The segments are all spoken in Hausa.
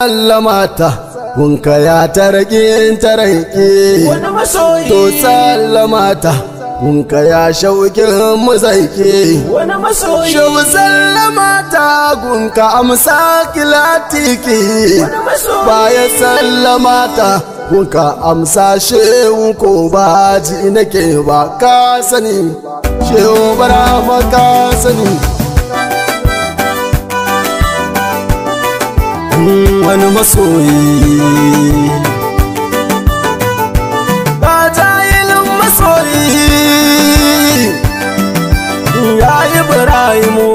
sallamata kunka ya tarƙi tarƙi to sallamata kunka ya shauƙin musaiki shau sallamata kunka amsa kilatiki baya sallamata kunka amsa shehu ko ba ji nake ba ka sani shehu bara ka sani wani masoyi ba jahilin masoyi ya ibrahimu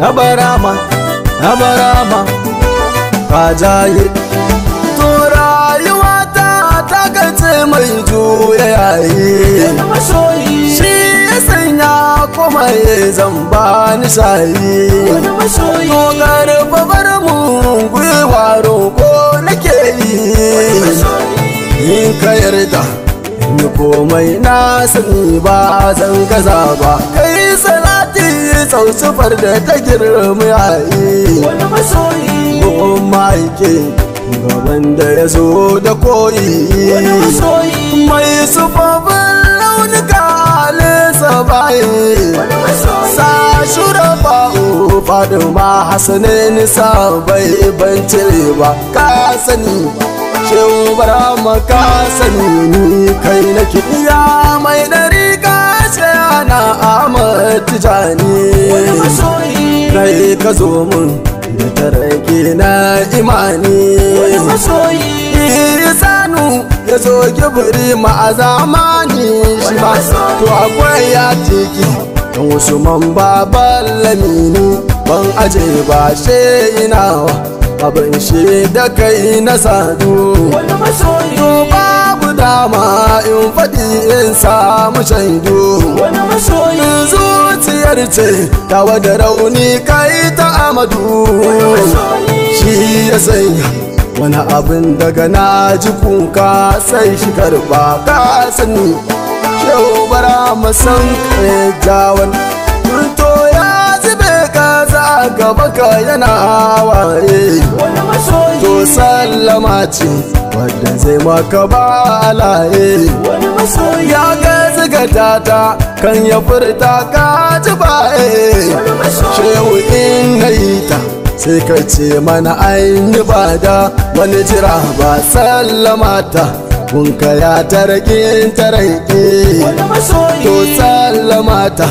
na barama na barama ba jahil to rayuwa ta ta mai juya yayi masoyi ya sanya kuma ya zamba ni sayi dogar babar mu gwiwa roƙo nake yi in ka yarda ni komai na sani ba zan gaza ba kai salati sau sufar da ta girma yayi wani masoyi gaban da ya zo da koyi mai sufafin wani kalinsa baye sa shura ba'u ma hasane bai ban cire ba ka sani shin bara maka sani ni kai nake iya mai dari ka ce ana amur tijani kai ka zo mun da tarake na imani wani masoyi ya gibiri ma a zamani shi ba to akwai ya teki don wasu man baban lamini ban aje ba she wa abin shi da kai na sadu to babu dama in faɗi in samu shaidu zuciyar ce ta wada rauni kai ta amadu shi ya sanya wani abin daga na ji kuka sai shi karba ka sani shehu bara masan jawon turto ya zube ka za gaba ka yana waye to sallama ce wadda zai maka ba alaye ya ga tata ta kan ya furta ka ji baye sai ka ce mana aini ba da wani jira ba sallamata ka ya tarki tarki to sallamata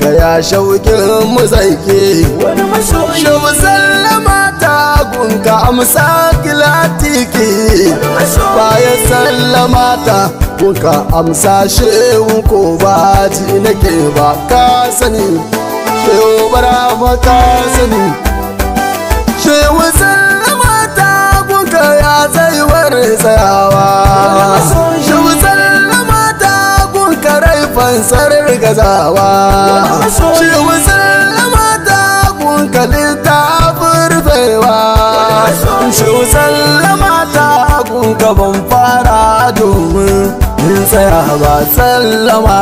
ka ya shauƙin mu zaiki shau sallamata ka amsa kilatiki baya sallamata ka amsa shehu ko ba ji nake ba ka sani shehu bara ba ka sani barin tsayawa shubusar mata gun karai fansar gazawa shubusar mata gun kalita furfewa shubusar mata gun gaban fara domin in tsaya ba sallama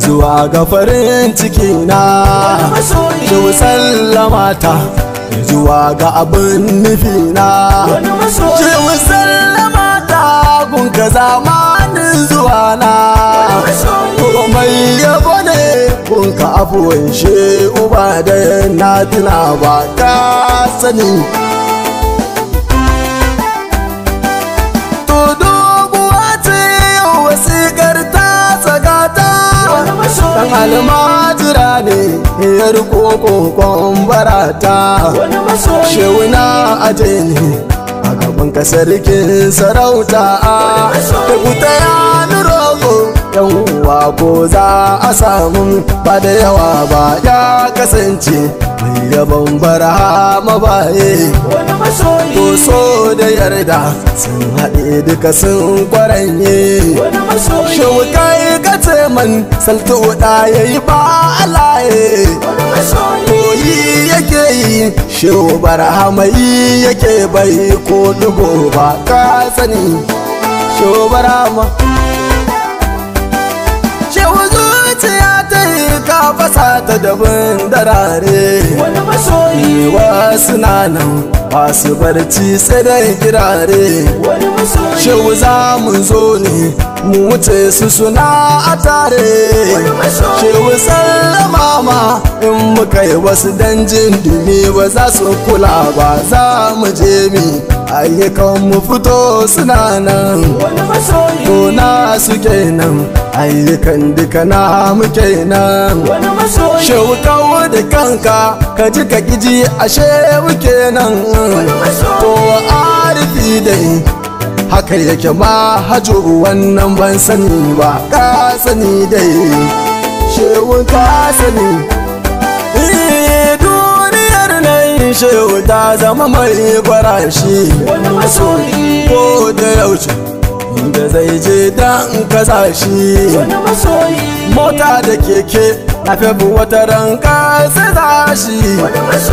zuwa ga farin ciki na shubusar mata zuwa ga abin nufi na ce musallama ta gunka zamanin zuwa na komai yabo ne gunka afuwan shi uba da na tuna ba sani ta Dan almajira ne ya riko kokon barata na aje ne a gaban kasarkin sarauta Da kuta ya rogo yan uwa ko za a samu ba da yawa ba ya kasance mai banbara bara mabaye to so da yarda sun haɗe duka sun kwaranye shawukai man salto da yayi ba alaye koyi yake yi shiru barhamai yake bai ko dugo ba ka sani shiru barhama zuciya ta yi ka fasa ta dabin darare wani masoyi suna nan ba barci sai da girare shehu za mu zo ne mu wuce su suna a tare shehu sallama ma in muka yi wasu danjin dumi ba za su kula ba za mu je mi ayyukan mu fito suna nan gona suke nan ayyukan duka na muke nan shautawa da kanka ka ji ka kiji ashe muke nan kowa arifi dai haka yake ma hajo wannan ban sani ba ka sani dai shewun ka sani eh, shehu ta zama mai farashi ko da yaushe da zai je dan kasashi, mota da keke hafifu wata ranka sai za shi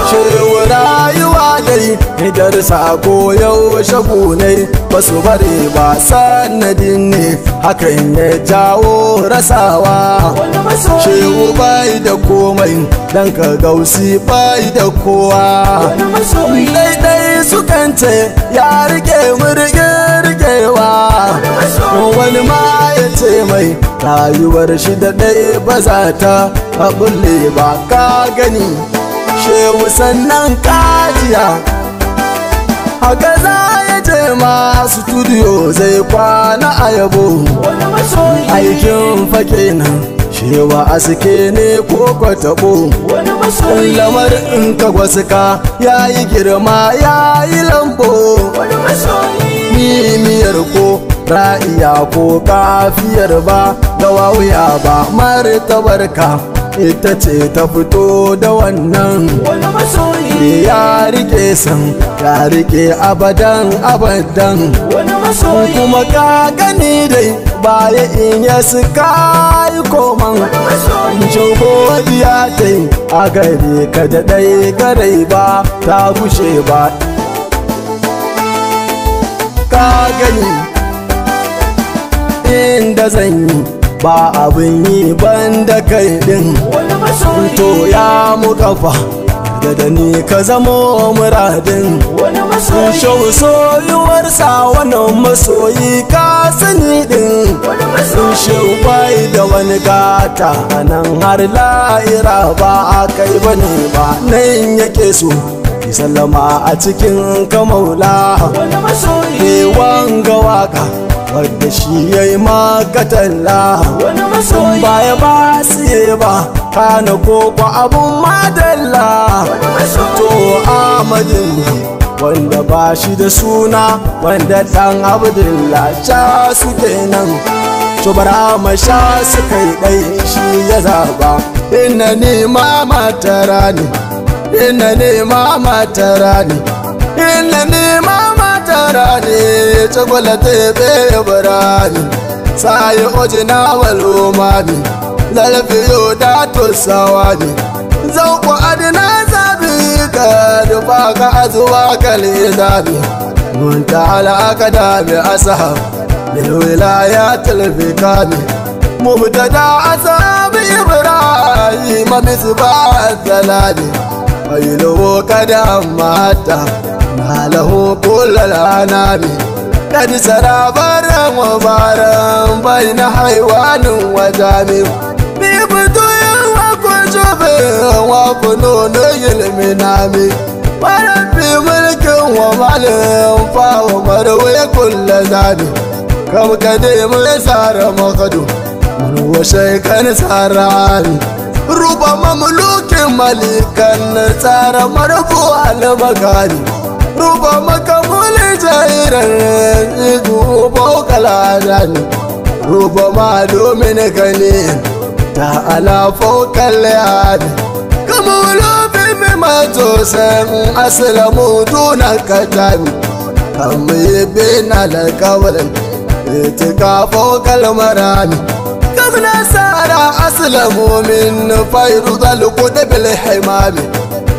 shewa rayuwa yayi hidar sako yau shagu ne ba su bare ba sanadin ne hakan ya jawo rasawa shewa bai da komai dan ka gausi bai da kowa daidai sukan ce ya rike murge rikewa wani ma ya ce mai rayuwar shi da ɗaya ba za ta ta ba ka gani shehu sannan kajiya haka za ya je ma studio zai kwana a yabo aikin fake nan shewa aske ne ko kwatabo lamar in ka gwasuka ya yi girma ya yi lambo mimiyar ko ra'iya ko kafiyar ba da wawuya ba martabarka ita ce ta fito da wannan wani ya rike san ya rike abadan abadan wani kuma ka gani dai baya in ya suka yi koman ya ta a gari ka da dai garai ba ta gushe ba ka gani inda zan yi ba abin yi ban da kai din to ya mu kafa da da ni ka zamo muradin sun shau soyuwar sa wannan masoyi ka sani din sun shau bai da wani gata a nan har la'ira ba a kai ba ne ba nan yake so ki sallama a cikin kamaula ne wanga waka har da shi ya yi makatalla wani masoyi ba ya ba siye ba kana koko abun madalla to amadin ne wanda ba shi da suna wanda dan abdullahi ca su kenan tubara sha su yi dai shi ya zaba ina nema matara ne ina nema matara ne ina nema matara tara ne cagwala ta yabe ya birane sayi oji na waloma ne lalfi yau da tosawa ne zauku adina zabi ka dufa ka azuwa kalli zabi mun ta alaka da mai asaha lalwila ya talfi ka ne mubta da asabi ibrahim mamis ba zalani ayi lowo ka da mata Malaho bolala na mi Dadi sara wa bara Bai na haiwanu wa jami Mi buto ya wako jobe Wako no no yilmi na mi bi mulke wa male Fa wa bara wa ya kulla zami Kam kade mu makadu Mulu wa shaykan sara ali Ruba mamluke malikan Sara marafu ala magani Mulu ruba makamuli jairan gubo kaladan ruba ma domin ganin ta alafo kalyad bi bibi ma na aslamu duna katan kamar bin itika itikafo kalmarami kamna sara aslamu min fairu zalku da deno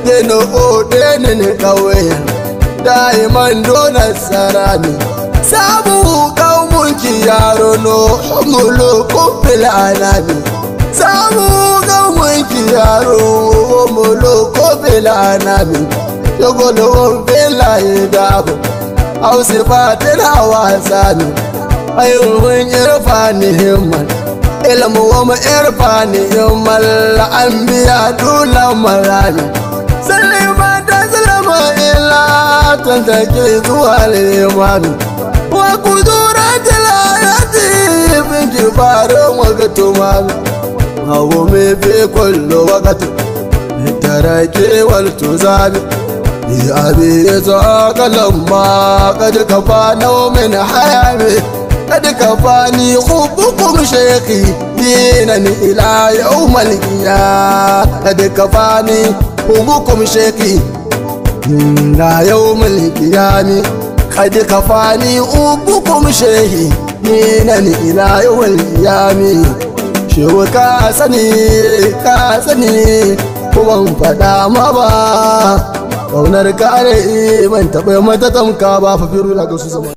dinu odenin kawai daiman donar sarani sabu ki yaro no mulukun filanami sabu ki yaro mulukun filanami shagolowar filaye dabo hausir fatin hawa sami ayyuhun irfa ni himman ilmu wa mu irfa ni himman la'an biya dula marami sai ba ta zama illa tan take zuwa limanu wa kudura talayati binti farin wagato mami hawo me fi kullo wagato tarake wal tuzabi abi zaka lamma kad kafa nau min hayami kad kafa ni hubbukum shaykhi dinan ila yawmal qiyamah kad kafa ni humukum sheki na yau ni kadi kafani ubukum shehi ni nan ila yau mulkiyami shewa ka sani ka sani kuma faɗa ma ba kaunar kare ban taɓa mata tamka ba fafiru na zama